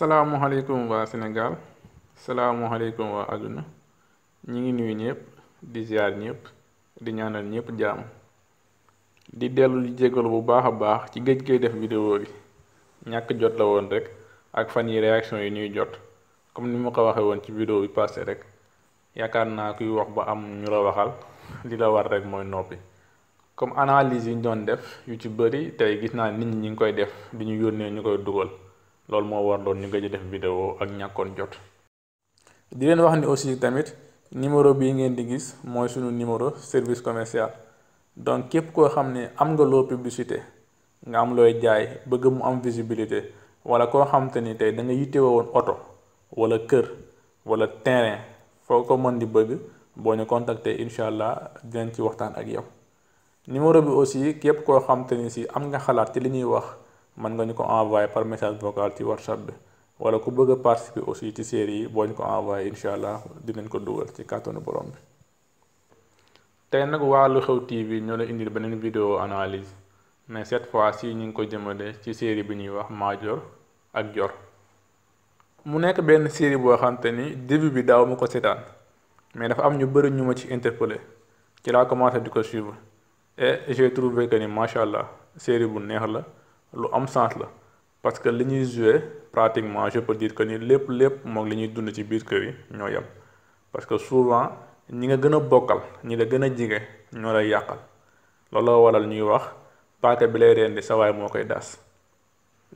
salaamualeykum waa Sénégal salaamualeykum waa àdduna ñi ngi nuyu ñëpp di ziar ñëpp di ñaanal ñëpp jàmm di dellu di jégalu bu baax a baax ci géej koy def vidéo bi ñàkk jot la woon rek ak fan yi réaction yi ñuy jot comme ni ma ko waxee woon ci vidéo bi passé rek yaakaar naa kuy wax ba am ñu la waxal li la war rek mooy noppi comme analyse yi ñu doon def yu ci bëri tey gis naa nit ñi ñu ngi koy def di ñu yónnee ñu koy dugal. loolu moo war doon ñu nga a def vidéo ak ñàkkoon jot. di leen wax ni aussi tamit numéro bii ngeen di gis mooy suñu numéro service commercial donc képp koo xam ne am nga loo publicité nga am looy jaay bëgg mu am visibilité wala koo xam ni tey da nga yittewoo woon oto wala kër wala terrain foo ko mën di bëgg boo ñu contacter incha allah dinañ ci waxtaan ak yow. numéro bi aussi képp koo xam ni si am nga xalaat ci li ñuy wax. mën nga ñu ko envoyé par message vocal ci whatsapp bi wala ku bëgg a participer aussi ci série yi boo ñu ko envoyé incha allah dinañ ko dugal ci kàttanu borom bi. tey nag waa Lu Xew TV ñoo la indil beneen vidéo analyse mais cet fois ci ñu ngi ko jëmale ci série bi ñuy wax Madior ak jor mu nekk benn série boo xam ni début bi daaw ma ko seetaan mais dafa am ñu bëri ñu ma ci interpellé ci laa commencé di ko suivre et j'ai trouvé que ni macha allah série bu neex la. lu am sens la parce que li ñuy jouer pratiquement je peux dire que ni lépp lépp moom li ñuy dund ci biir kër yi ñoo yem parce que souvent ñi nga gën a bokkal ñi la gën a jige ñoo lay yàqal looloo waral ñuy wax paaka bi lay rendi sa waay moo koy daas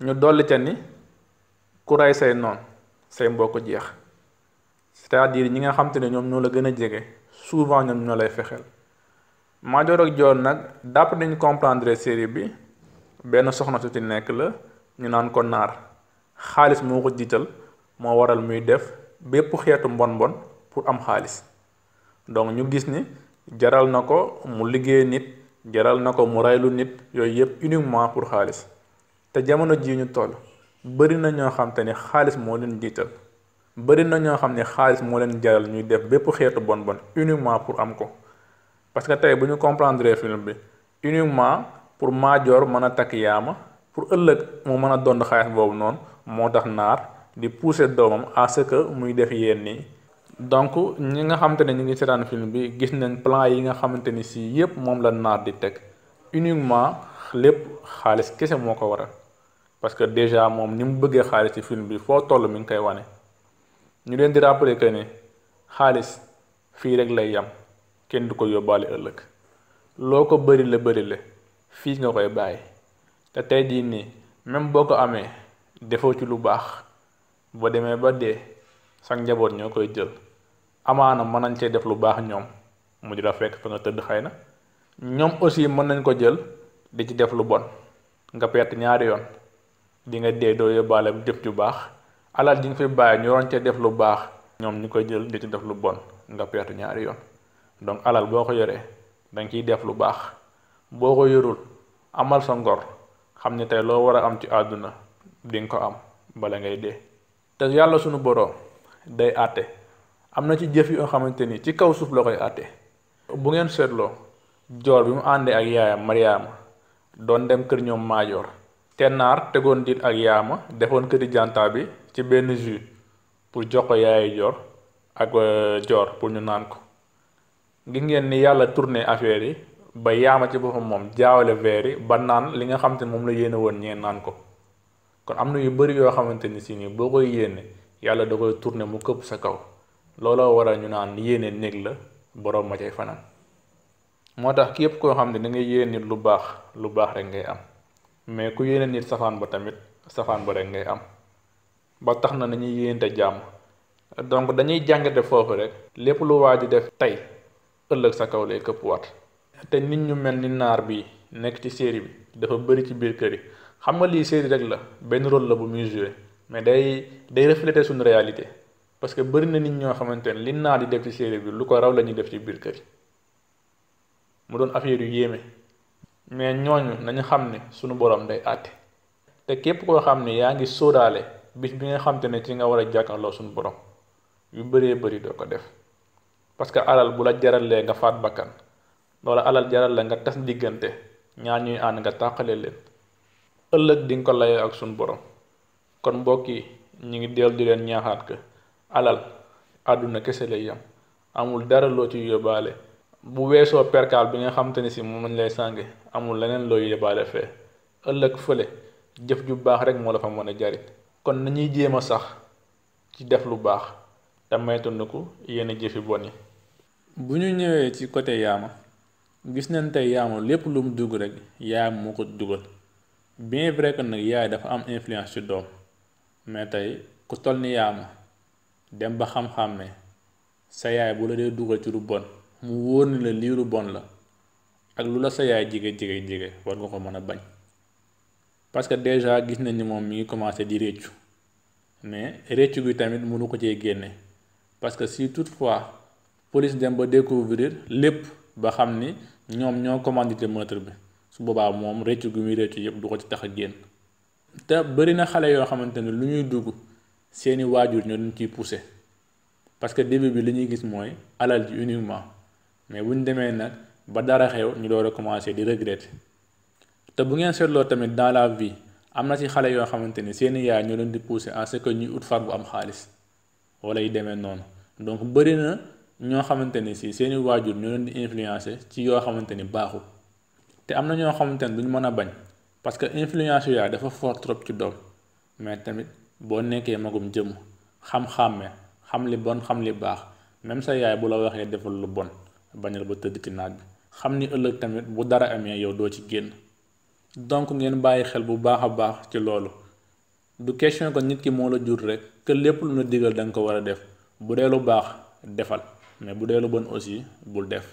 ñu dolli ca ni ku rey say noon say mbokk jeex c'est-à-dire ñi nga xam te ne ñoom ñoo la gën a jege souvent ñoom ñoo lay fexeel Madior ak Dior nag dàpp ni ñu comprendre série bi. benn soxna su ci nekk la ñu naan ko naar xaalis moo ko jiital moo waral muy def bépp xeetu mbon mbon pour am xaalis donc ñu gis ni jaral na ko mu liggéey nit jaral na ko mu raylu nit yooyu yëpp uniquement pour xaalis te jamono jii ñu toll bëri na ñoo xam te ni xaalis moo leen jiital bëri na ñoo xam ne xaalis moo leen jaral ñuy def bépp xeetu bon bon uniquement pour am ko parce que tey bu ñu comprendre film bi uniquement pour maajoor mën a takk yaa ma pour ëllëg mu mën a dond xaalis boobu noonu moo tax naar di pousser doomam à ce que muy def yéen nii donc ñi nga xamante ne ñu ngi seetaan film bi gis nañ plan yi nga xamante ni si yépp moom la naar di teg uniquement lépp xaalis kese moo ko waral parce que déjà moom ni mu bëggee xaalis ci film bi foo toll mu ngi koy wane ñu leen di rappeler que ni xaalis fii rek lay yam kenn du ko yóbbaale ëllëg loo ko bëri la fii nga koy bàyyi te tey jii nii même boo ko amee defoo ci lu baax boo demee ba dee sax njaboot ñoo koy jël amaana mën nañ cee def lu baax ñoom mu dira fekk fa nga tëdd xëy na ñoom aussi mën nañ ko jël di ci def lu bon nga perte ñaari yoon di nga dee doo yóbbaale jëf ju baax alal di nga fi bàyyi ñu waroon cee def lu baax ñoom ñu koy jël di ci def lu bon nga perte ñaari yoon donc alal boo ko yoree da nga def lu baax boo ko yorul amal sa ngor xam ne tey loo war a am ci àdduna dinga ko am bala ngay dee te yàlla sunu boroom day àtte am na ci jëf yoo xamante ni ci kaw suuf la koy àtte bu ngeen seetloo joor bi mu àndee ak yaayam Mariama doon dem kër ñoom maajoor te naar tegoon diit ak yaama defoon këri janta bi ci benn jus pour jox ko yaayu joor ak euh, joor pour ñu naan ko gis ngeen ni yàlla tourné affaire yi ba yaama ci boppam moom jaawale veer yi ba naan li nga xamante ni moom la yéene woon ñee naan ko kon am na yu bëri yoo xamante ni si nii boo koy yéene yàlla da koy tourner mu këpp sa kaw looloo waral ñu naan yéene néeg la borom ma cay fanaan moo tax képp koo xam ne da ngay yéene nit lu baax lu baax rek ngay am mais ku yéene nit safaan ba tamit safaan ba rek ngay am ba tax na nañuy yéente jàmm donc dañuy jàngate foofu rek lépp lu waa ji def tey ëllëg sa kaw lay këpp waat te nit ñu mel ni naar bi nekk ci série bi dafa bëri ci biir kër yi xam nga lii série rek la benn rôle la bu muy joué mais day day refléter suñu réalité parce que bëri na nit ñoo xamante ne li naar di def ci série bi lu ko raw la ñuy def ci biir kër mu doon affaire yu yéeme mais ñooñu nañu xam ne suñu borom day àtte te képp koo xam ne yaa ngi sóoraale bis bi nga xam ne ci nga war a jàkkarloo suñu borom yu bëree bari doo ko def parce que alal bu la jaralee nga faat bakkan loola alal jaral la nga tas diggante ñaar ñuy ànd nga tàqale leen ëllëg di ko layoo ak suñ borom kon mbokk yi ñu ngi dellu di leen ñaaxaat ko alal àdduna kese lay yam amul dara loo yóbbaale bu weesoo perkaal bi nga xamante ni si moom lañ lay sànge amul leneen looy yóbbaale fee ëllëg fële jëf ju baax rek moo la fa mën a jariñ kon nañuy jéem a sax ci def lu baax te maytandiku yenn jëfi bon yi bu ñu ñëwee ci côté yaama gis nañ tey yaa lépp lu mu dugg rek yaay moo ko dugal bien vrai que nag yaay dafa am influence ci doom mais tey ku toll ni yaa dem ba xam-xam ne sa yaay bu la dee dugal ci lu bon mu wóor ni la lii lu bon la ak lu la sa yaay jige jige jige war nga ko mën a bañ parce que déjà gis nañ ni moom mi ngi commencé di réccu mais réccu bi tamit mënu ko cee génne parce que tout fois police dem ba découvrir lépp. ba xam ni ñoom ñoo commandité meurtre bi su boobaa moom réccu gu muy réccu yëpp du ko ci tax a génn te bëri na xale yoo xamante ne lu ñuy dugg seeni waajur ñoo leen ciy poussé parce que début bi li ñuy gis mooy alal ji uniquement mais bu ñu demee nag ba dara xew ñu door a commencé di regretter te bu ngeen seetloo tamit dans la vie am na ci xale yoo xamante ni seeni yaay ñoo leen di poussé à ce que ñuy ut far bu am xaalis wala yi demee noonu donc bëri ñoo xamante ni si seeni waajur ñoo leen di influencer ci yoo xamante ni baaxul te am na ñoo xamante ni duñ mën a bañ parce que influence yaay dafa fort trop ci doom mais tamit boo nekkee magum jëmm xam-xàmme xam li bon xam li baax même sa yaay bu la waxee defal lu bon bañal ba tëdd ci naaj bi xam ni ëllëg tamit bu dara amee yow doo ci génn donc ngeen bàyyi xel bu baax a baax ci loolu du question que nit ki moo la jur rek que lépp lu ñu diggal da nga ko war a def bu dee lu baax defal. mais bu dee lu bon aussi bul def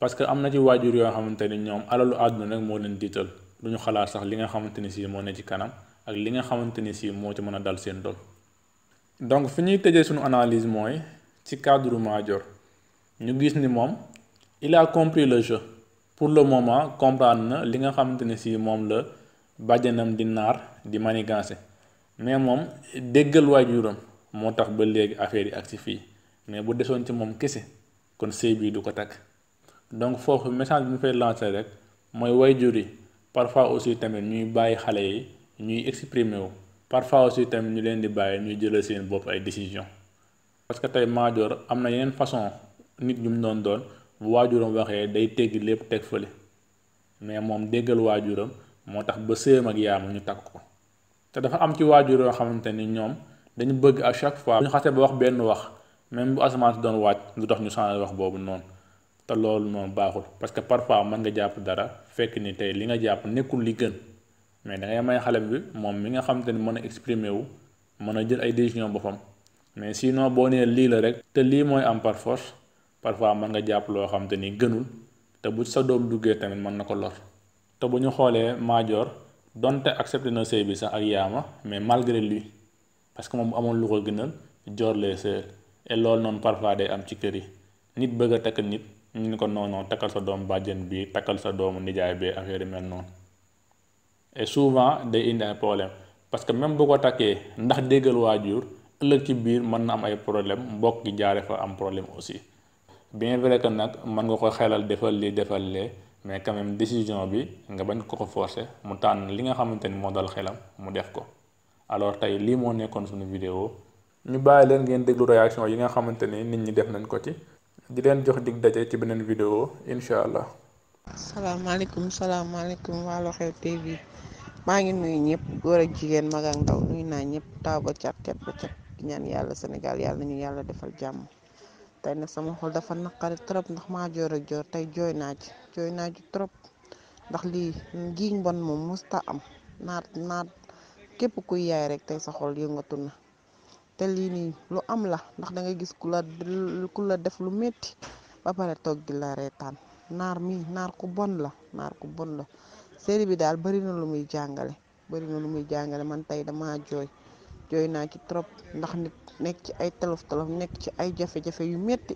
parce que am na ci waajur yoo xamante ni ñoom alalu àdduna rek moo leen diital du ñu xalaat sax li nga xamante ni si moo ne ci kanam ak li nga xamante ni si moo ci mën a dal seen doom donc fi ñuy tëjee suñu analyse mooy ci cadre Madior ñu gis ni moom il a compris le jeu pour le moment comprendre na li nga xamante ni si moom la bàjjanam di naar di manigancé mais moom déggal waajuram moo tax ba léegi affaire yi ak si fii mais bu desoon ci moom kese kon sëy bii du ko takk donc foofu message bi ñu fay lancer rek mooy waajur yi parfois aussi tamit ñuy bàyyi xale yi ñuy exprimer wu parfois aussi tamit ñu leen di bàyyi ñuy jëlal seen bopp ay décision parce que tey maajoor am na yeneen façon nit ñu mu doon doon bu waajuram waxee day teggi lépp teg fële mais moom déggal waajuram moo tax ba sëyam ak mu ñu takk ko te dafa am ci waajur yoo xamante ni ñoom dañu bëgg a chaque fois ñu xasee ba wax benn wax même bu asamaan si doon wàcc lu tax ñu changé wax boobu noonu te loolu noonu baaxul parce que parfois man nga jàpp dara fekk ni tey li nga jàpp nekkul li gën mais dangay may xale bi moom mi nga xam te ni mën a exprimer wu mën a jël ay décision boppam mais sinon boo nee lii la rek te lii mooy am par force parfois man nga jàpp loo xam te ni gënul te bu sa doom duggee tamit mën na ko lor te bu ñu xoolee maajoor donte accepté na sëy bi sax ak yaama mais malgré lui parce que moom bu lu ko gënal joor lay et loolu noonu parfois day am ci kër yi nit bëgg a takk nit ñu ni ko noonu takkal sa doom bàjjen bi takkal sa doomu nijaay bi affaire yi mel noonu et souvent day indi ay problème parce que même bu ko takkee ndax déggal waajur ëllëg ci biir mën na am ay problème mbokk gi jaare fa am problème aussi bien vrai que nag mën nga ko xelal defal lii defal lee mais quand même décision bi nga bañ ko ko forcer mu tànn li nga xamante ni moo dal xelam mu def ko alors tey lii moo nekkoon suñu vidéo ñu bàyyi leen ngeen déglu réaction yi nga xamante ni nit ñi def nañ ko ci di leen jox dig daje ci beneen vidéo incha allah. salaamaaleykum salaamaaleykum waa Lu Xew TV maa ngi nuyu ñëpp góor ak jigéen mag ak ndaw nuyu naa ñëpp taw ba cat cat ba cat ñaan yàlla senegal yàlla ñu yàlla defal jàmm tey nag sama xol dafa naqari trop ndax maa joor ak joor tey jooy naa ci jooy naa trop ndax lii giiñ bon moom musta am naat naat képp kuy yaay rek tey sa xol yëngatu na. lii nii lu am la ndax dangay gis ku la def lu metti ba pare toog di la reetaan naar mi naar ku bon la naar ku bon la série bi daal bëri na lu muy jàngale bëri na lu muy jàngale man tey dama jooy jooy naa ci trop ndax nit nekk ci ay tolof tolof nekk ci ay jafe-jafe yu metti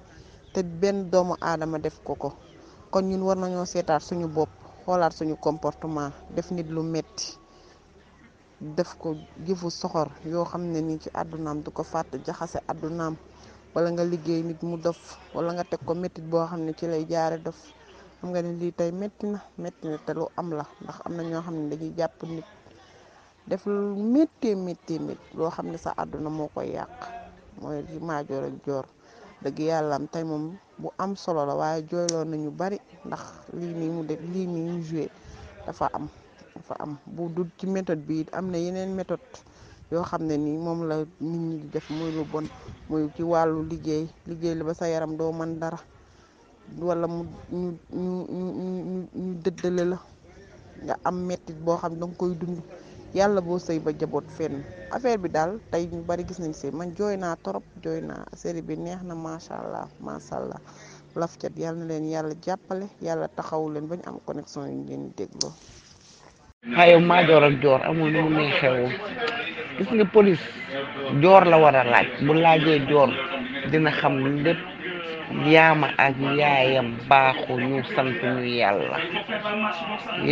te benn doomu aadama def ko ko kon ñun war nañoo seetaat suñu bopp xoolaat suñu comportement def nit lu metti def ko jëfu soxor yoo xam ne ni ci àddunaam du ko fàtt jaxase àddunaam wala nga liggéey nit mu dof wala nga teg ko méttit boo xam ne ci lay jaare dof xam nga ne lii tey métti na métti na te lu am la ndax am na ñoo xam ne dañuy jàpp nit def lu méttee méttee métti loo xam ne sa àdduna moo koy yàq mooy ci maajoor ak joor dëgg yàllaam tey moom bu am solo la waaye jooyloo ñu bari ndax lii nii mu def lii nii ñu joué dafa am fa am bu du ci méthode bi am na yeneen méthode yoo xam ne nii moom la nit ñi def muy lu bon muy ci wàllu liggéey liggéey li ba sa yaram doo man dara wala mu ñu ñu ñu ñu dëddale la nga am metit boo xam ne danga koy dund yàlla boo sëy ba jaboot fenn affaire bi daal tey ñu bari gis nañ sëy man jooy naa trop jooy naa série bi neex na macha allah macha allah laf cat yàlla na leen yàlla jàppale yàlla taxawu leen ba ñu am connexion yi ñu leen di dégloo xaa yow ak joor amul nu mu neexee woon gis nga police joor la war a laaj bu laajee joor dina xam lépp yaama ak yaayam baaxu sant ñu yàlla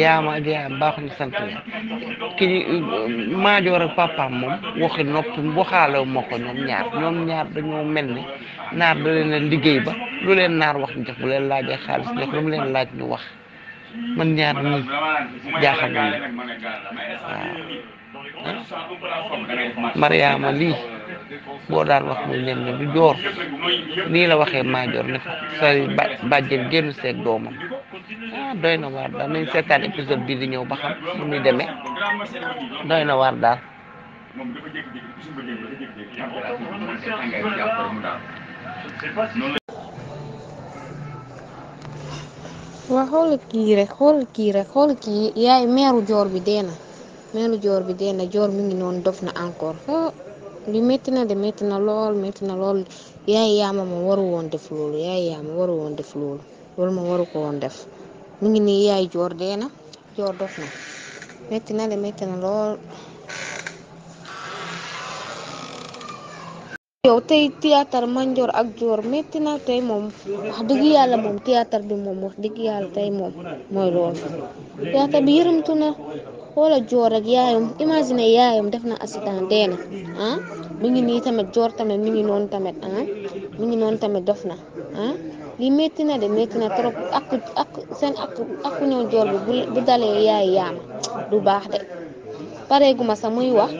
yaama ak yaayam baaxu ñu sant ñu ki maajoor ak papaam moom waxi nopp waxaalew ma ko ñoom ñaar ñoom ñaar dañoo mel ni naar da leen liggéey ba lu leen naar wax ñu jox bu leen laajee xaalis jox lu leen laaj ñu wax man ñaar ñi jaaxal nañu waaw lii boo daal wax muy nem ne du joor nii la waxee maajoor ne sa bàjjen génn seeg doomam doy na waar daal nañ seetaan épisode bii di ñëw ba xam nu muy doy na waar daal waa xoolal kii rek xoolal kii yaay meeru joor bi dee na meeru joor bi dee na joor mi ngi noon dof na encore li métti na de métti na lool métti na lool yaay yaama ma waru woon def loolu yaay yaama waru woon def loolu loolu waru ko woon def mi ngi nii yaay joor dee joor dof na metti na de metti na lool. yow tey théâtre Mandior ak joor metti na tey moom wax dëgg yàlla moom théâtre bi moom wax dëgg yàlla tey moom mooy loolu théâtre bi yërëmtu na xoola Dior ak yaayam imagine yaayam def na accident na ah ngi nii tamit Dior tamit mi ngi tamit ah ngi noonu tamit dof na ah li métti na de métti na trop ak ak seen ak ak ñëw bi bu dalee yaay yaama du baax de pareeguma sax muy wax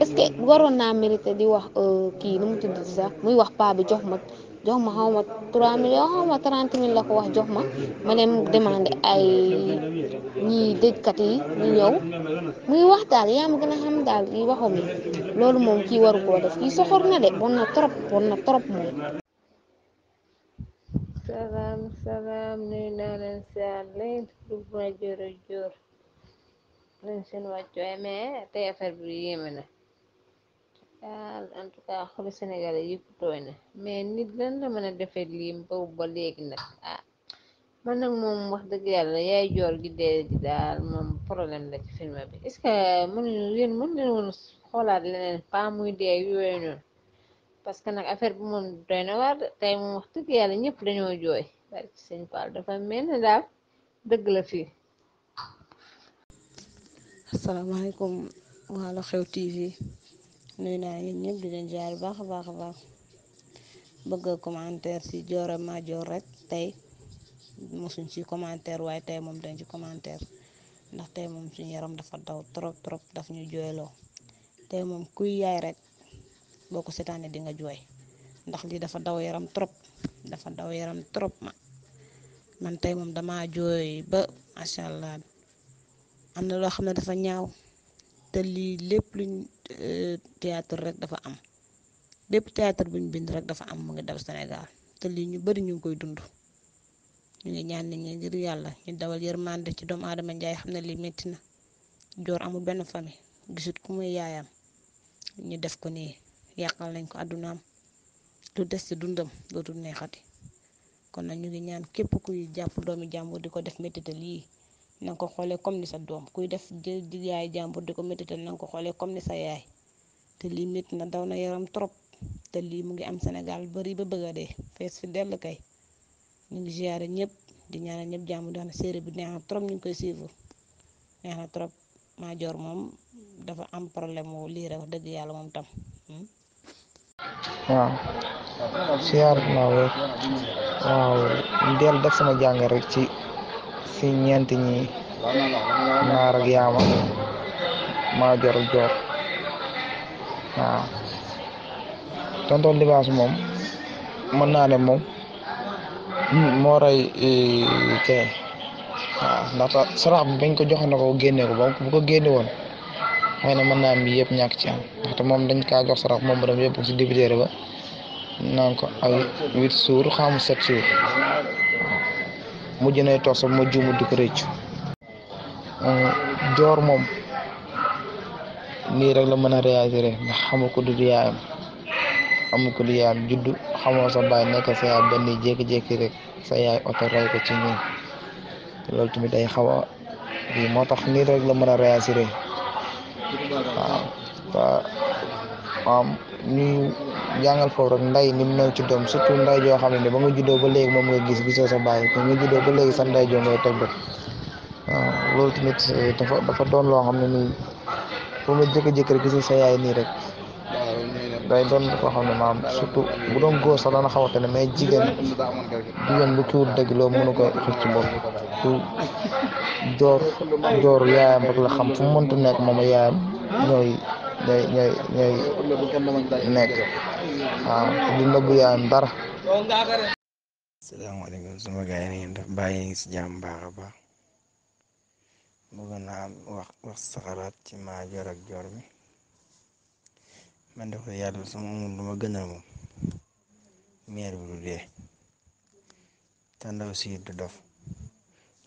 est waroon naa mérité di wax euh, kii nu mu tudd sax muy wax paa bi jox ma jox ma xaw ma 3 millions mille la ko wax jox ma ma dem demandé ay ñii dëjkat yi ñu ñëw muy wax daal yaa ma gën a xam daal yi waxam yi loolu moom kii waru def kii soxor na de bon na trop bon na trop moom. salaam salaam nuyu naa leen saa leen groupement Joro Jor leen seen wàccuwaay mais tey affaire bi yéeme na. daal en tout cas xolu Sénégalais yépp tooy na mais nit lan la mën a defe lii boobu ba léegi nag ah man nag moom wax dëgg yàlla yaay joor gi dee daal moom problème la ci film bi est-ce que mënuñu mën leen woon xoolaat leneen pas muy dee yooyu noonu parce que nag affaire bi moom doy na waar moom wax dëgg yàlla ñëpp dañoo jooy bari ci sëñ Paal dafa mel daal dëgg la fi asalaamaaleykum waa Lu Xew TV nuyu naa yéen ñëpp di leen jaar baax a baax a baax bëgg a commentaire ci Joora Maajoor rek tey mosuñ ci commentaire waaye tey moom dañ ci commentaire ndax tey moom suñu yaram dafa daw trop trop daf ñu jooyloo tey moom kuy yaay rek boo ko seetaanee di nga jooy ndax lii dafa daw yaram trop dafa daw yaram trop ma man tey moom dama jooy ba macha am na loo xam ne dafa ñaaw te lii lépp Euh, théâtre rek dafa am lépp théâtre bu ñu bind rek dafa am mu ngi daw Sénégal te lii ñu bari ñu koy dund ñu ngi ñaan nit ñi ngir yàlla ñu dawal yërmande ci doomu aadama njaay xam ne lii metti na joor amul benn famille gisut ku muy yaayam ñu def ko nii yàqal nañ ko àddunaam lu des ci dundam dootul neexati kon nag ñu ngi ñaan képp kuy jàpp doomi jàmbur di ko def métti te lii na ko xoolee comme ni sa doom kuy def jël yaay jàmbur di ko métital na nga ko xoole comme ni sa yaay te lii métti na daw na yaram trop te lii mu ngi am Sénégal bari ba bëgg a dee fees fi dell kay ñu ngi ziare ñëpp di ñaanal ñëpp jàmm di wax ne série bi neex trop ñu ngi koy suivre moom dafa am problème wu lii yàlla moom tam. Hmm? waaw ziare rek ci. si ñeent ñi naar ak yaama maa jor ak joor waaw tonton libaas moom mën naa ne moom moo rey eh, kee waaw ndaxte sarax bi bañ ko joxe na ko génne ko ba génne woon xëy na mën naa am yëpp ñàkk ci am ndaxte moom dañ kaa jox sarax moom ba dem yëpp si débitéer ba naan ko ay huit jours xamu sept mujj nay toog sax ma juumu di ko euh, joor moom nii rek la mën a réagir ndax xamul ko du yaayam amul ko du yaayam juddu xamoo sa baay nekk sa yaay benn jékki-jékki rek sa oto rey ko ci ñun loolu tamit day xaw a moo tax nii rek la mën a réagir waaw am ñuy jàngal foofu rek nday ni mu mel ci doom surtout nday joo xam ne ba nga juddoo ba léegi moom nga gis gisoo sa bàyyi ko nga juddoo ba léegi sa nday joo ngay teg tamit eh, dafa dafa doon loo xam ne nii foo ma jëkk-jëkk rek gisoo sa nii rek day doon koo xam ne maam surtout bu doon góor sax dana xawate mais jigéen jigéen bu kiwut dëgg mënu ko xëcc ci bopp ku joor joor yaayam rek la xam fu mu mëntu nekk moom yaayam ñooy ñooy ñooy ñooy nekk waaw du nëbbu yaayam dara. asalaamaaleykum sama gars yi na ngeen def ngi si jàmm baax a naa wax saxaraat ci maajoor ak joor bi man def ko yàlla sama amul lu gënal moom meer bi du dee te ndaw si du dof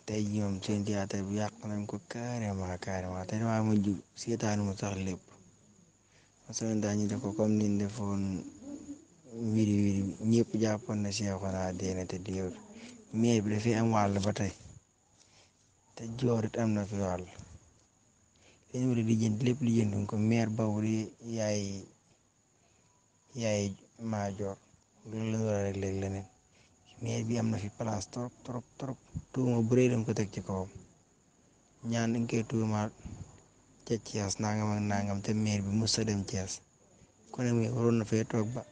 tey jii moom seen théâtre bi yàq nañ ko carrément carrément te damaa mujj seetaanu mu sax lépp soo daañu ko comme niñ defoon wiri wiri ñëpp jàppoon na Seexuna deena te deewut meer bi dafay am wàll ba tey te joorit am na fi wàll dañu war a lijjant lépp lijjantuñ ko maire boobu di yaay yaay majoor joor loolu la war a régler leneen bi am na fi place trop trop trop tuuma bu rëy dañ ko teg ci kawam ñaan dañ koy ca Thiès nangam ak nangam te maire bi mu a dem Thiès kon nag waroon na fay toog ba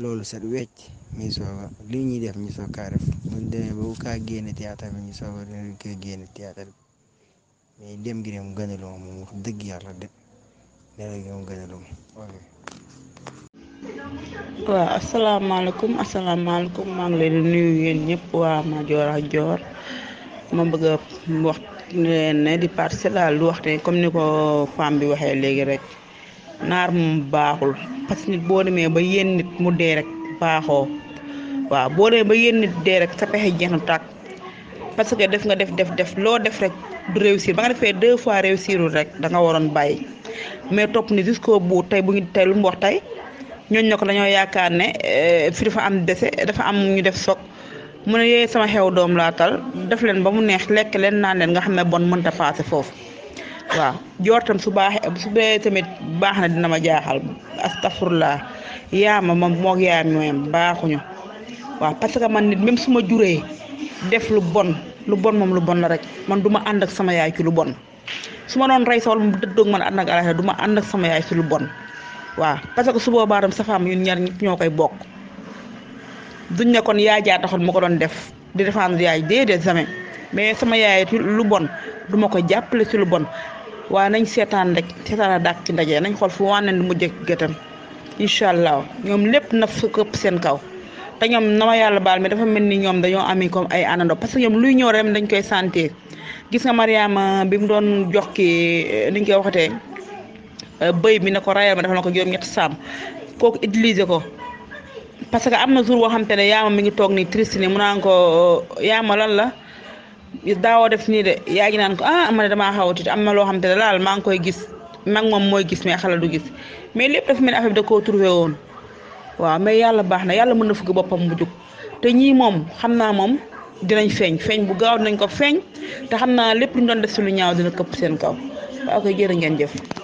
loolu set wecc mi soog a li ñuy def ñu kaa def buñ demee ba bu kaa génne théâtre bi ñu soog a dem gi dem gënaloo moom dëgg yàlla de léeg-léeg moom gënaloo ok. waaw asalaamaaleykum asalaamaaleykum maa ngi leen di nuyu yéen waa Madior ak Dior ma bëgg a ne di parcelle daal lu wax ne comme ni ko femme bi waxee léegi rek naar moom baaxul parce que nit boo demee ba yéen nit mu dee rek baaxoo waaw boo demee ba yéen nit dee rek sa pexe jeex na tàkk parce que def nga def def def loo def rek du réussir ba nga defee deux fois réussirul rek da waroon bàyyi mais topp ni jusqu'au bout tey bu ñu tey lu tey ñooñ ne ko dañoo yaakaar ne euh, fi dafa am dese dafa am ñu def soog mu ne yooyu sama xew doom laa tal def leen ba mu neex lekk leen naan leen nga xam ne bon mënta paase foofu waaw jortam su baaxee su dee tamit baax na dina ma jaaxal astafurlaa yaama ma moog yaay ñooyam baaxuñu waaw parce que man nit même su ma juree def lu bon lu bon moom lu bon la rek man du ma ànd ak sama yaay ci lu bon su ma doon rey sawal mu dëddoog man ànd du ma ànd ak sama yaay ci lu bon waaw parce que su boobaa tam safaam ñun ñaar ñëpp ñoo koy bokk. duñ ne kon yaay jaa taxoon ma ko doon def di défendre yaay déedéet jamais mais sama yaay lu bon du ma ko jàppale ci lu bon waa nañ seetaan rek seetaan a dàq ci ndaje nañ xool fu wànneen lu mu jëkk gëtam incha allah ñoom lépp na su këpp seen kaw te ñoom na yàlla baal mi dafa mel ni ñoom dañoo ami ay anando parce que ñoom luy ñëw rem dañ koy santé gis nga Mariama bi mu doon jox kii ni ñu koy waxatee euh, bëy bi ne ko rayal ma dafa na ko juróom ñett saam kooku utiliser ko parce que am na jour boo xam te ne yaama mi ngi toog nii triste nii mu naan ko oh, yaama lan la daawoo def nii de yaa ngi naan ko ah ma ne damaa xaw a tiit am na loo xam te ne daal maa ngi koy gis mag mooy gis mais xala du mais lépp dafa mel ni affaire bi da koo waaw mais yàlla baax na yàlla mën na fukki boppam bu jóg te ñii moom xam naa moom dinañ feeñ feeñ bu gaaw nañ ko feeñ te xam naa lépp lu doon def si lu ñaaw dina këpp seen kaw waaw koy jërë ngeen jëf